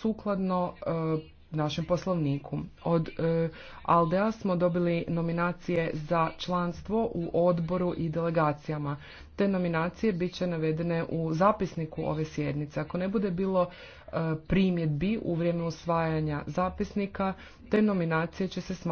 sukladno e, našem poslovniku. Od e, Aldea smo dobili nominacije za članstvo u odboru i delegacijama. Te nominacije bit će navedene u zapisniku ove sjednice. Ako ne bude bilo e, primjedbi u vrijeme usvajanja zapisnika, te nominacije će se smatrati